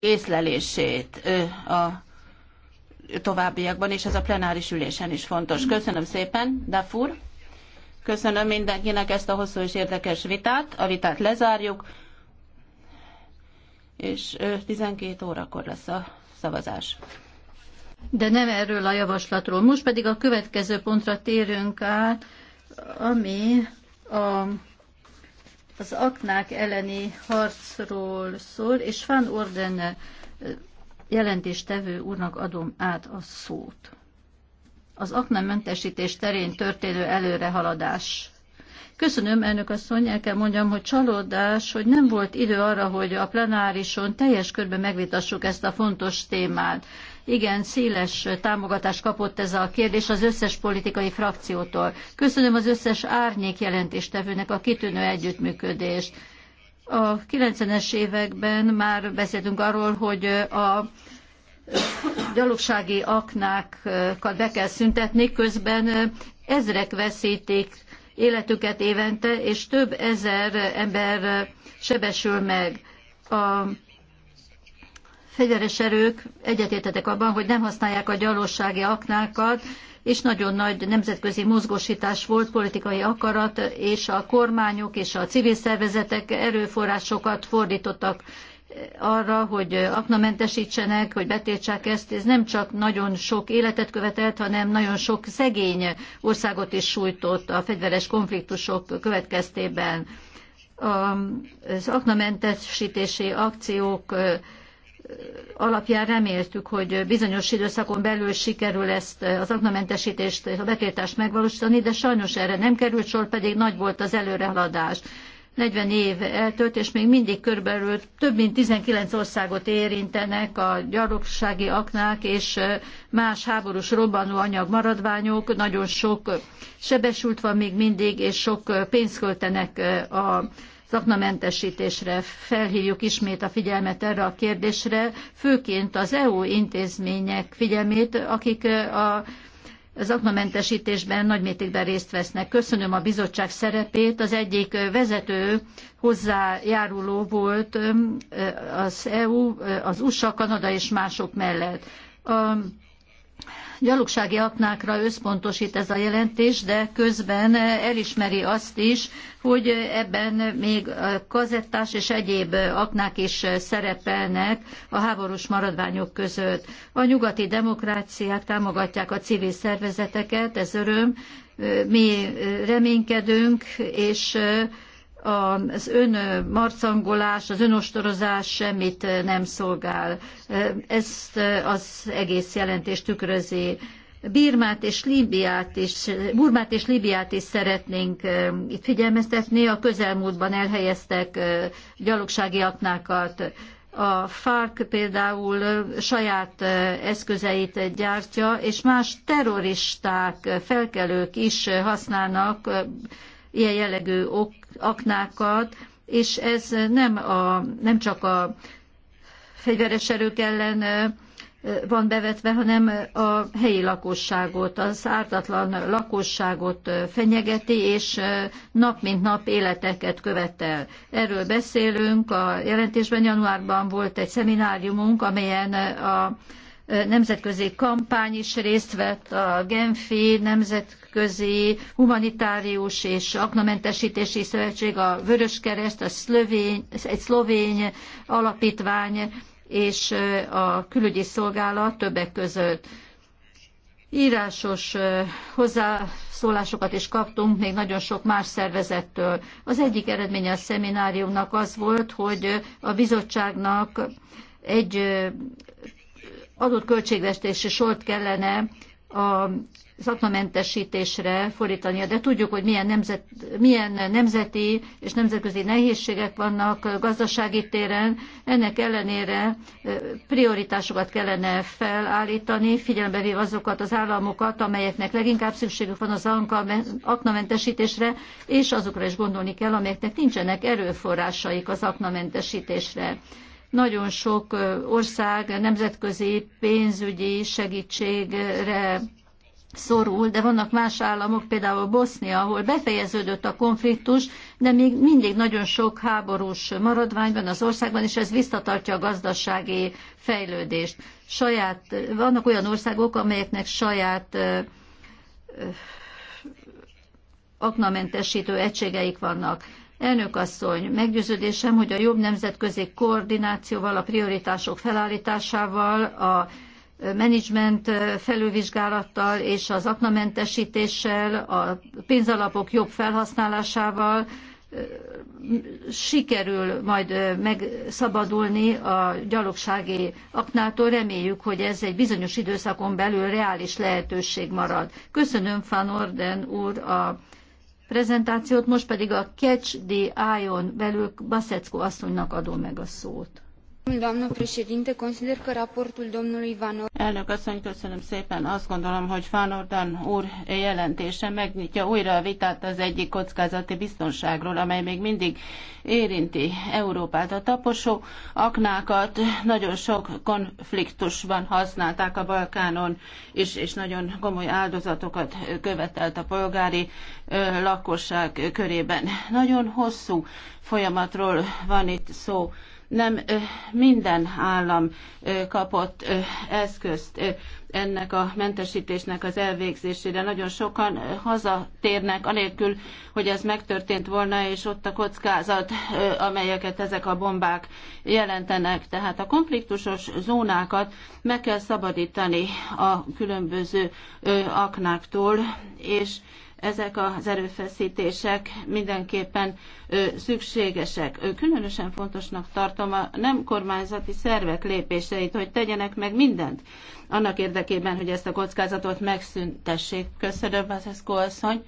észlelését a továbbiakban, és ez a plenáris ülésen is fontos. Köszönöm szépen, Dafur. Köszönöm mindenkinek ezt a hosszú és érdekes vitát. A vitát lezárjuk, és 12 órakor lesz a szavazás. De nem erről a javaslatról. Most pedig a következő pontra térünk át, ami a az aknák elleni harcról szól, és Van Orden eh, jelentéstevő úrnak adom át a szót. Az aknamentesítés terén történő előrehaladás. Köszönöm, elnök asszony, el kell mondjam, hogy csalódás, hogy nem volt idő arra, hogy a plenárison teljes körben megvitassuk ezt a fontos témát igen széles támogatást kapott ez a kérdés az összes politikai frakciótól. Köszönöm az összes árnyék jelentéstevőnek a kitűnő együttműködést. A 90-es években már beszéltünk arról, hogy a gyalogsági aknákat be kell szüntetni, közben ezrek veszítik életüket évente, és több ezer ember sebesül meg. A fegyveres erők egyetértetek abban, hogy nem használják a gyalossági aknákat, és nagyon nagy nemzetközi mozgósítás volt, politikai akarat, és a kormányok és a civil szervezetek erőforrásokat fordítottak arra, hogy aknamentesítsenek, hogy betiltsák ezt, ez nem csak nagyon sok életet követelt, hanem nagyon sok szegény országot is sújtott a fegyveres konfliktusok következtében. Az aknamentesítési akciók alapján reméltük, hogy bizonyos időszakon belül sikerül ezt eh, az aknamentesítést, a betiltást megvalósítani, de sajnos erre nem került sor, pedig nagy volt az előrehaladás. 40 év eltölt, és még mindig körülbelül több mint 19 országot érintenek a gyalogsági aknák és eh, más háborús robbanóanyag maradványok. Nagyon sok sebesült van még mindig, és sok eh, pénzt költenek a szaknamentesítésre. Felhívjuk ismét a figyelmet erre a kérdésre, főként az EU intézmények figyelmét, akik a az aknamentesítésben nagymértékben részt vesznek. Köszönöm a bizottság szerepét. Az egyik vezető hozzájáruló volt az EU, az USA, Kanada és mások mellett. A gyalogsági aknákra összpontosít ez a jelentés, de közben elismeri azt is, hogy ebben még kazettás és egyéb aknák is szerepelnek a háborús maradványok között. A nyugati demokráciák támogatják a civil szervezeteket, ez öröm, mi reménykedünk, és az ön marcangolás, az önostorozás semmit nem szolgál. Ezt az egész jelentés tükrözi. Birmát és Líbiát is, Burmát és Líbiát is szeretnénk eh, itt figyelmeztetni. A közelmúltban elhelyeztek eh, gyalogsági aknákat. A FARC például eh, saját eszközeit gyártja, és más terroristák, felkelők is használnak ilyen jellegű ok, aknákat, és ez nem, a, nem csak a fegyveres erők ellen van bevetve, hanem a helyi lakosságot, az ártatlan lakosságot fenyegeti, és nap mint nap életeket követel. Erről beszélünk, a jelentésben januárban volt egy szemináriumunk, amelyen a nemzetközi kampány is részt vett a Genfi Nemzetközi Humanitárius és Aknamentesítési Szövetség, a Vöröskereszt, a szlovény, egy szlovény alapítvány és a külügyi szolgálat többek között. Írásos hozzászólásokat is kaptunk még nagyon sok más szervezettől. Az egyik eredménye a szemináriumnak az volt, hogy a bizottságnak egy adott költségvetési sort kellene a az aknamentesítésre fordítania, de tudjuk, hogy milyen, nemzet, milyen nemzeti és nemzetközi nehézségek vannak gazdasági téren. Ennek ellenére prioritásokat kellene felállítani, figyelembe véve azokat az államokat, amelyeknek leginkább szükségük van az aknamentesítésre, és azokra is gondolni kell, amelyeknek nincsenek erőforrásaik az aknamentesítésre. Nagyon sok ország nemzetközi pénzügyi segítségre szorul, de vannak más államok, például Bosznia, ahol befejeződött a konfliktus, de még mindig nagyon sok háborús maradvány van az országban, és ez visszatartja a gazdasági fejlődést. Saját, vannak olyan országok, amelyeknek saját aknamentesítő egységeik vannak. Elnök asszony, meggyőződésem, hogy a jobb nemzetközi koordinációval, a prioritások felállításával, a menedzsment felülvizsgálattal és az aknamentesítéssel, a pénzalapok jobb felhasználásával sikerül majd megszabadulni a gyalogsági aknától. Reméljük, hogy ez egy bizonyos időszakon belül reális lehetőség marad. Köszönöm Van Orden úr a prezentációt, most pedig a Catch the Eye-on belül Baszecko asszonynak adom meg a szót consider că raportul domnului van Elnök asszony, köszönöm szépen. Azt gondolom, hogy Van Orden úr jelentése megnyitja újra a vitát az egyik kockázati biztonságról, amely még mindig érinti Európát. A taposó aknákat nagyon sok konfliktusban használták a Balkánon, és, és nagyon komoly áldozatokat követelt a polgári ö, lakosság körében. Nagyon hosszú folyamatról van itt szó nem minden állam kapott eszközt ennek a mentesítésnek az elvégzésére. Nagyon sokan hazatérnek, anélkül, hogy ez megtörtént volna, és ott a kockázat, amelyeket ezek a bombák jelentenek. Tehát a konfliktusos zónákat meg kell szabadítani a különböző aknáktól, és ezek az erőfeszítések mindenképpen szükségesek. Különösen fontosnak tartom a nem kormányzati szervek lépéseit, hogy tegyenek meg mindent annak érdekében, hogy ezt a kockázatot megszüntessék. Köszönöm, ez, asszony,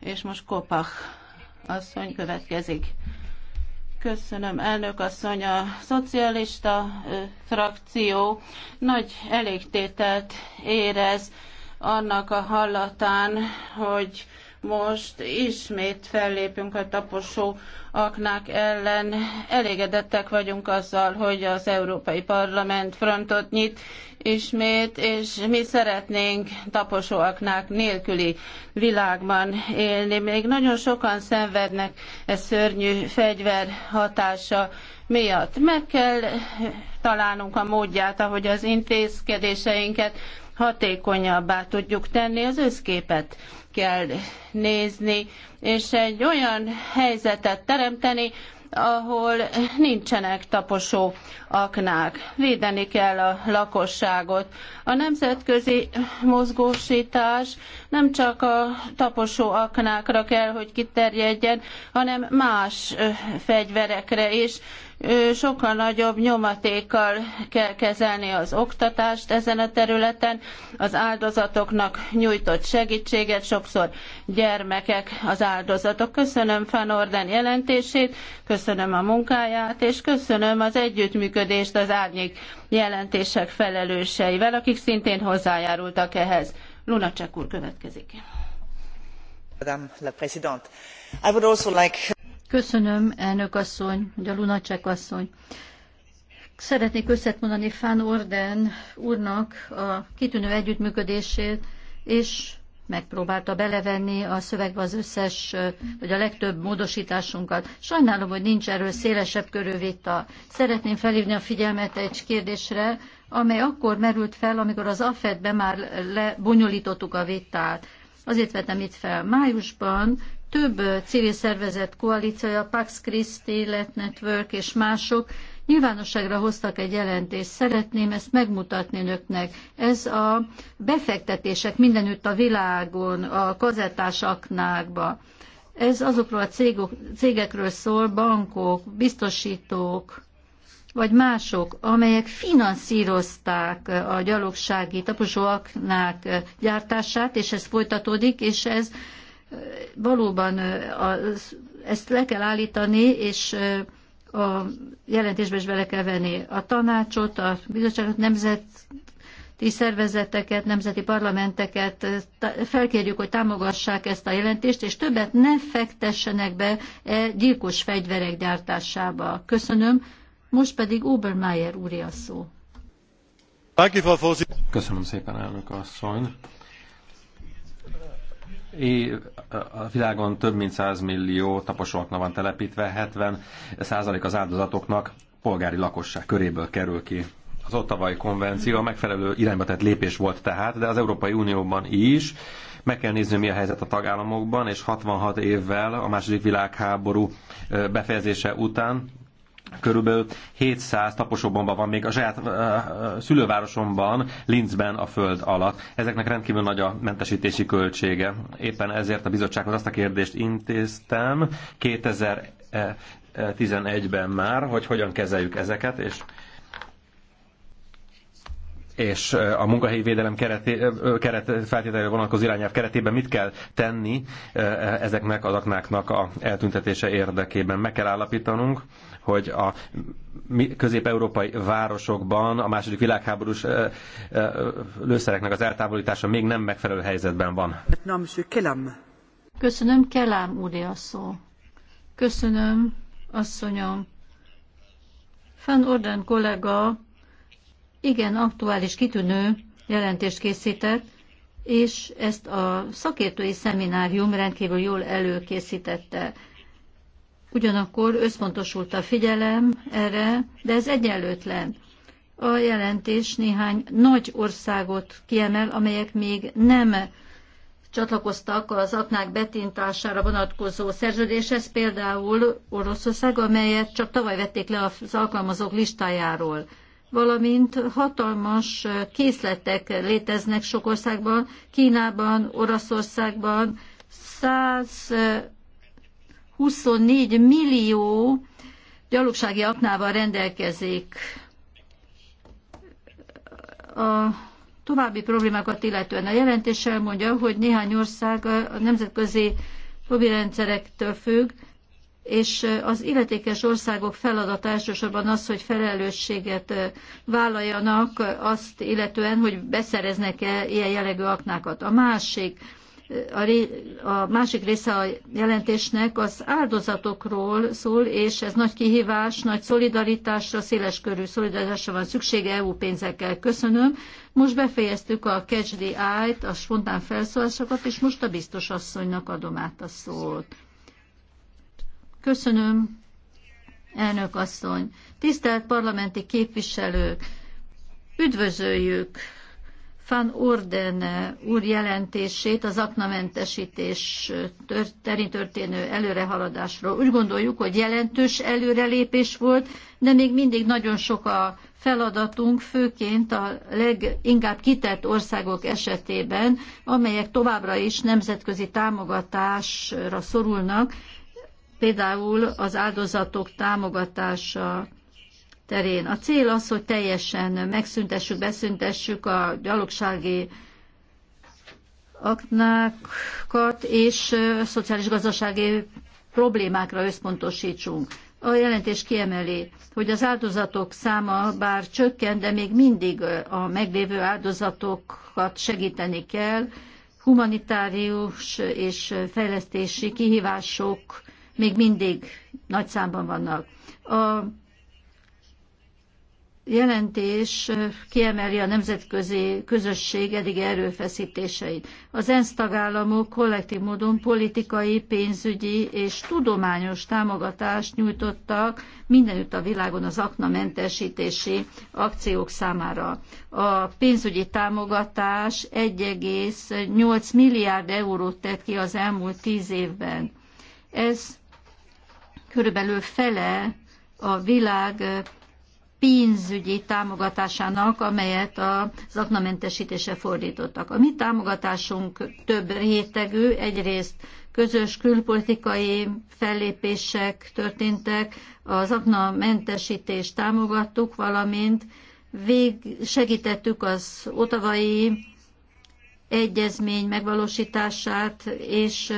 és most Kopach asszony következik. Köszönöm, elnök asszony. A szocialista ö, frakció nagy elégtételt érez annak a hallatán, hogy most ismét fellépünk a taposó aknák ellen. Elégedettek vagyunk azzal, hogy az Európai Parlament frontot nyit ismét, és mi szeretnénk taposó aknák nélküli világban élni. Még nagyon sokan szenvednek e szörnyű fegyver hatása miatt. Meg kell találnunk a módját, ahogy az intézkedéseinket hatékonyabbá tudjuk tenni, az összképet kell nézni, és egy olyan helyzetet teremteni, ahol nincsenek taposó aknák. Védeni kell a lakosságot. A nemzetközi mozgósítás nem csak a taposó aknákra kell, hogy kiterjedjen, hanem más fegyverekre is, sokkal nagyobb nyomatékkal kell kezelni az oktatást ezen a területen, az áldozatoknak nyújtott segítséget, sokszor gyermekek az áldozatok. Köszönöm Van Orden jelentését, köszönöm a munkáját, és köszönöm az együttműködést az árnyék jelentések felelőseivel, akik szintén hozzájárultak ehhez. Lunacek úr következik. Madame la Présidente, I would also like Köszönöm, elnök asszony, ugye Lunacek asszony. Szeretnék összetmondani Fán Orden úrnak a kitűnő együttműködését, és megpróbálta belevenni a szövegbe az összes, vagy a legtöbb módosításunkat. Sajnálom, hogy nincs erről szélesebb körű vita. Szeretném felhívni a figyelmet egy kérdésre, amely akkor merült fel, amikor az AFED-be már lebonyolítottuk a vitát. Azért vettem itt fel. Májusban több civil szervezet koalíciója, Pax Christi, Let Network és mások nyilvánosságra hoztak egy jelentést. Szeretném ezt megmutatni önöknek. Ez a befektetések mindenütt a világon, a kazettás aknákba. Ez azokról a cégok, cégekről szól, bankok, biztosítók, vagy mások, amelyek finanszírozták a gyalogsági taposó aknák gyártását, és ez folytatódik, és ez valóban ezt le kell állítani, és a jelentésbe is bele kell venni a tanácsot, a bizottságot, nemzeti szervezeteket, nemzeti parlamenteket felkérjük, hogy támogassák ezt a jelentést, és többet ne fektessenek be e gyilkos fegyverek gyártásába. Köszönöm. Most pedig Obermeier úri a szó. Köszönöm szépen, elnök asszony a világon több mint 100 millió taposoknak van telepítve, 70 százalék az áldozatoknak polgári lakosság köréből kerül ki. Az ottavai konvenció a megfelelő irányba tett lépés volt tehát, de az Európai Unióban is meg kell nézni, mi a helyzet a tagállamokban, és 66 évvel a második világháború befejezése után körülbelül 700 taposóbomba van még a saját uh, szülővárosomban, Linzben a föld alatt. Ezeknek rendkívül nagy a mentesítési költsége. Éppen ezért a bizottsághoz azt a kérdést intéztem 2011-ben már, hogy hogyan kezeljük ezeket, és és a munkahelyi védelem kereté, keret feltételére vonatkozó irányelv keretében mit kell tenni ezeknek az aknáknak a eltüntetése érdekében. Meg kell állapítanunk, hogy a közép-európai városokban a második világháborús lőszereknek az eltávolítása még nem megfelelő helyzetben van. Köszönöm, Kelám úri a szó. Köszönöm, asszonyom. Fan Orden kollega igen aktuális, kitűnő jelentést készített, és ezt a szakértői szeminárium rendkívül jól előkészítette. Ugyanakkor összpontosult a figyelem erre, de ez egyenlőtlen. A jelentés néhány nagy országot kiemel, amelyek még nem csatlakoztak az aknák betintására vonatkozó szerződéshez, például Oroszország, amelyet csak tavaly vették le az alkalmazók listájáról valamint hatalmas készletek léteznek sok országban, Kínában, Oroszországban, 100 24 millió gyalogsági aknával rendelkezik. A további problémákat illetően a jelentés elmondja, hogy néhány ország a nemzetközi lobirendszerektől függ, és az illetékes országok feladata elsősorban az, hogy felelősséget vállaljanak azt illetően, hogy beszereznek-e ilyen jellegű aknákat. A másik a, a másik része a jelentésnek az áldozatokról szól, és ez nagy kihívás, nagy szolidaritásra, széles körű szolidaritásra van szükség EU pénzekkel. Köszönöm. Most befejeztük a Catch the Eye-t, a spontán felszólásokat, és most a biztos asszonynak adom át a szót. Köszönöm, elnök asszony. Tisztelt parlamenti képviselők, üdvözöljük van Orden eh, úr jelentését az aknamentesítés eh, terén történő előrehaladásról. Úgy gondoljuk, hogy jelentős előrelépés volt, de még mindig nagyon sok a feladatunk, főként a leginkább kitett országok esetében, amelyek továbbra is nemzetközi támogatásra szorulnak, például az áldozatok támogatása terén. A cél az, hogy teljesen megszüntessük, beszüntessük a gyalogsági aknákat, és szociális-gazdasági problémákra összpontosítsunk. A jelentés kiemeli, hogy az áldozatok száma bár csökken, de még mindig a meglévő áldozatokat segíteni kell. Humanitárius és fejlesztési kihívások még mindig nagy számban vannak. A jelentés kiemeli a nemzetközi közösség eddigi erőfeszítéseit. Az ENSZ tagállamok kollektív módon politikai, pénzügyi és tudományos támogatást nyújtottak mindenütt a világon az aknamentesítési akciók számára. A pénzügyi támogatás 1,8 milliárd eurót tett ki az elmúlt tíz évben. Ez körülbelül fele a világ pénzügyi támogatásának, amelyet az aknamentesítése fordítottak. A mi támogatásunk több rétegű, egyrészt közös külpolitikai fellépések történtek, az aknamentesítést támogattuk, valamint vég, segítettük az otavai egyezmény megvalósítását, és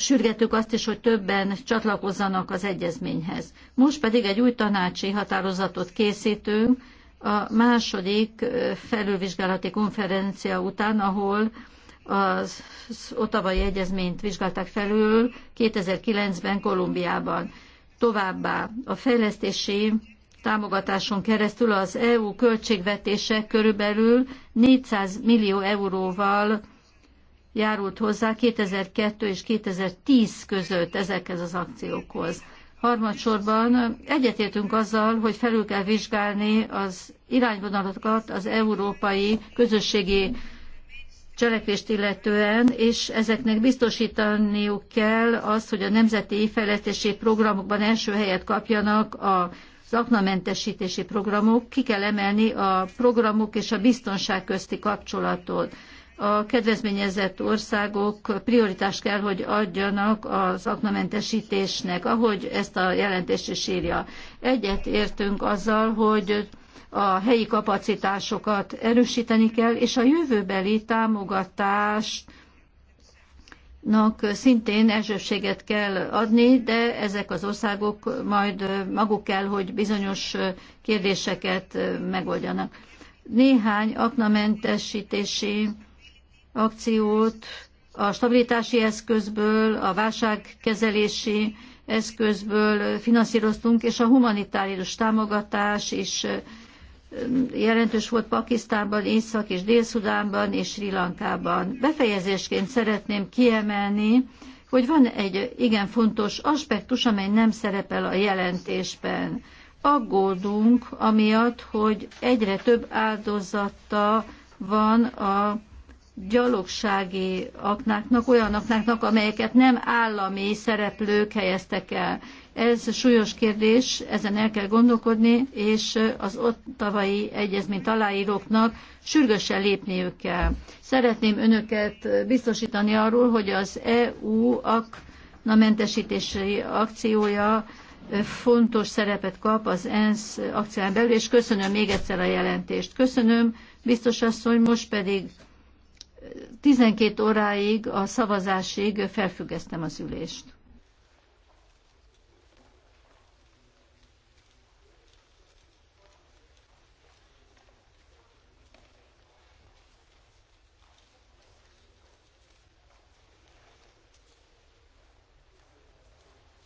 sürgetük azt is, hogy többen csatlakozzanak az egyezményhez. Most pedig egy új tanácsi határozatot készítünk a második felülvizsgálati konferencia után, ahol az otavai egyezményt vizsgálták felül 2009-ben Kolumbiában. Továbbá a fejlesztési támogatáson keresztül az EU költségvetése körülbelül 400 millió euróval járult hozzá 2002 és 2010 között ezekhez az akciókhoz. Harmadsorban egyetértünk azzal, hogy felül kell vizsgálni az irányvonalakat az európai közösségi cselekvést illetően, és ezeknek biztosítaniuk kell azt, hogy a nemzeti fejlesztési programokban első helyet kapjanak a az aknamentesítési programok, ki kell emelni a programok és a biztonság közti kapcsolatot a kedvezményezett országok prioritást kell, hogy adjanak az aknamentesítésnek, ahogy ezt a jelentést is írja. Egyet értünk azzal, hogy a helyi kapacitásokat erősíteni kell, és a jövőbeli támogatást szintén elsőséget kell adni, de ezek az országok majd maguk kell, hogy bizonyos kérdéseket megoldjanak. Néhány aknamentesítési akciót a stabilitási eszközből, a válságkezelési eszközből finanszíroztunk, és a humanitárius támogatás is jelentős volt Pakisztánban, Észak- és Dél-Szudánban és Sri Lankában. Befejezésként szeretném kiemelni, hogy van egy igen fontos aspektus, amely nem szerepel a jelentésben. Aggódunk amiatt, hogy egyre több áldozata van a gyalogsági aknáknak, olyan aknáknak, amelyeket nem állami szereplők helyeztek el. Ez súlyos kérdés, ezen el kell gondolkodni, és az ottavai egyezményt aláíróknak sürgősen lépniük kell. Szeretném önöket biztosítani arról, hogy az EU akna mentesítési akciója fontos szerepet kap az ENSZ akcián belül, és köszönöm még egyszer a jelentést. Köszönöm, biztos asszony, most pedig 12 óráig a szavazásig felfüggesztem az ülést.